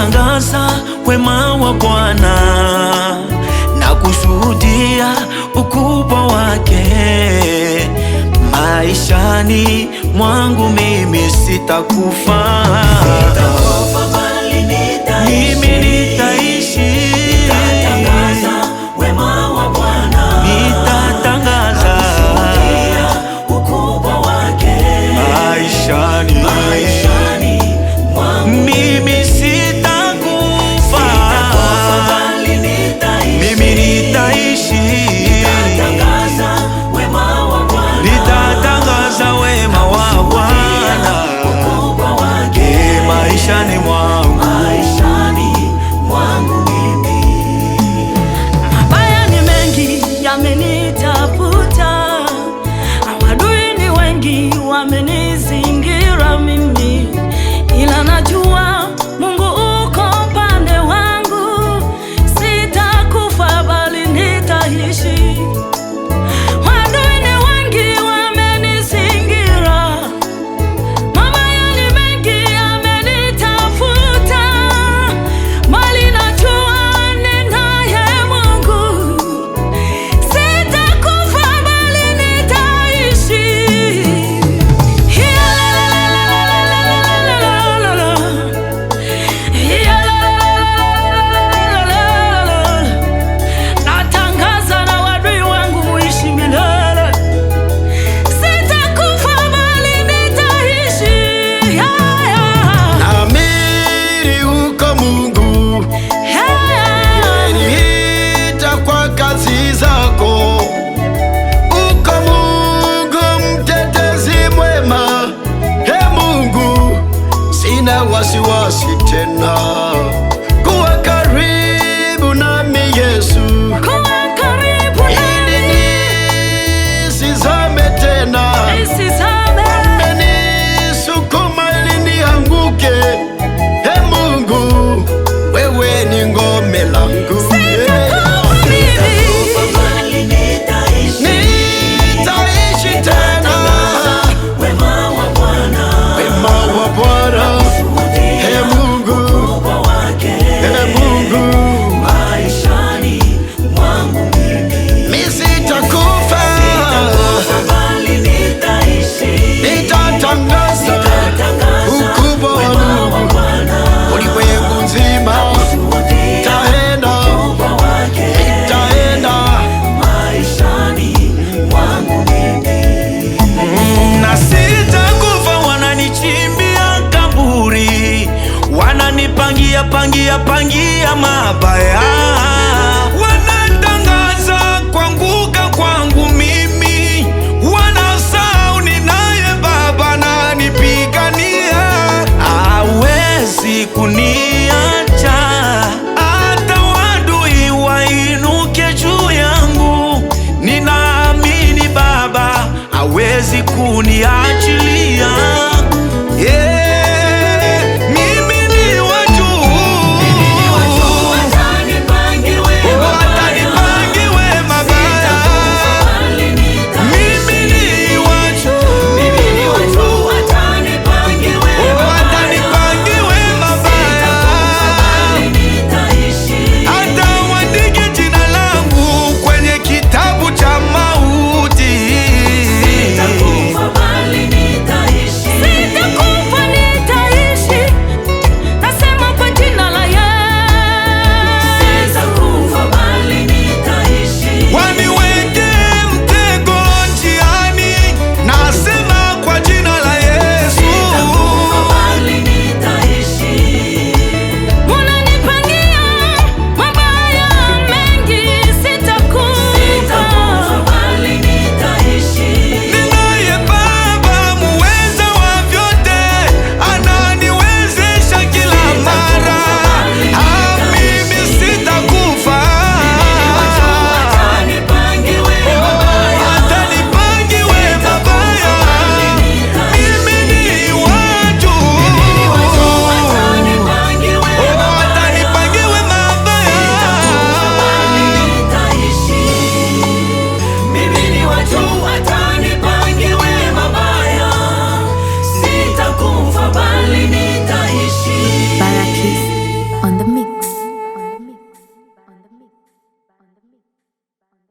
kutangaza wema wa Bwana na kushuhudia ukubwa wake maishani mwangu, mimi sitakufa, nitaishi. shining She was. kuniacha